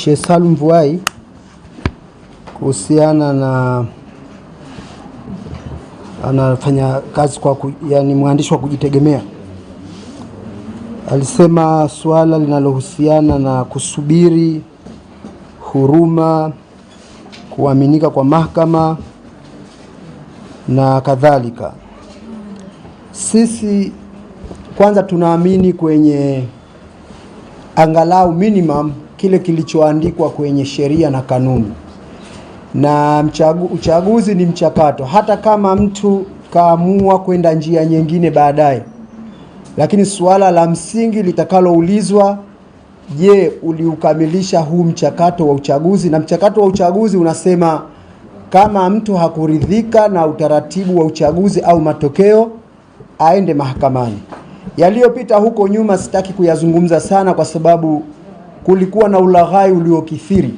Sheikh Salum Vuai kuhusiana na anafanya kazi kwa ku, yani mwandishi wa kujitegemea alisema suala linalohusiana na kusubiri, huruma, kuaminika kwa mahakama na kadhalika. Sisi kwanza tunaamini kwenye angalau minimum kile kilichoandikwa kwenye sheria na kanuni, na mchagu, uchaguzi ni mchakato. Hata kama mtu kaamua kwenda njia nyingine baadaye, lakini suala la msingi litakaloulizwa, je, uliukamilisha huu mchakato wa uchaguzi? Na mchakato wa uchaguzi unasema kama mtu hakuridhika na utaratibu wa uchaguzi au matokeo aende mahakamani. Yaliyopita huko nyuma sitaki kuyazungumza sana, kwa sababu kulikuwa na ulaghai uliokithiri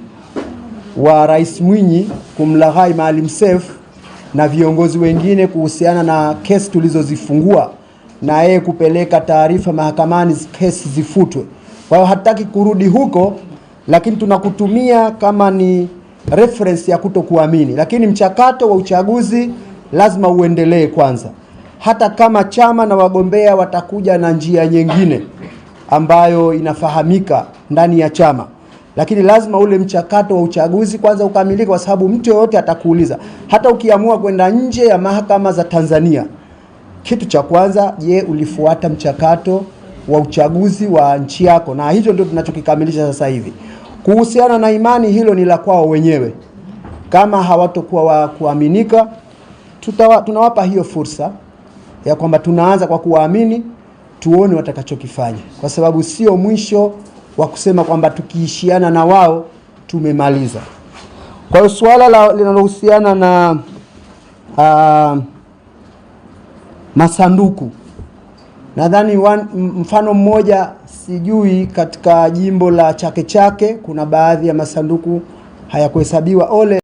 wa Rais Mwinyi kumlaghai Maalim Seif na viongozi wengine kuhusiana na kesi tulizozifungua na yeye kupeleka taarifa mahakamani, kesi zifutwe. Kwa hiyo hataki kurudi huko, lakini tunakutumia kama ni reference ya kutokuamini, lakini mchakato wa uchaguzi lazima uendelee kwanza, hata kama chama na wagombea watakuja na njia nyingine ambayo inafahamika ndani ya chama, lakini lazima ule mchakato wa uchaguzi kwanza ukamilike, kwa sababu mtu yoyote atakuuliza. Hata ukiamua kwenda nje ya mahakama za Tanzania, kitu cha kwanza, je, ulifuata mchakato wa uchaguzi wa nchi yako? Na hicho ndio tunachokikamilisha sasa hivi. Kuhusiana na imani, hilo ni la kwao wenyewe. Kama hawatokuwa wa kuaminika, tutawa, tunawapa hiyo fursa ya kwamba tunaanza kwa kuwaamini, tuone watakachokifanya, kwa sababu sio mwisho wa kusema kwamba tukiishiana na wao tumemaliza. Kwa hiyo suala linalohusiana na uh, masanduku nadhani mfano mmoja sijui, katika jimbo la Chake Chake kuna baadhi ya masanduku hayakuhesabiwa ole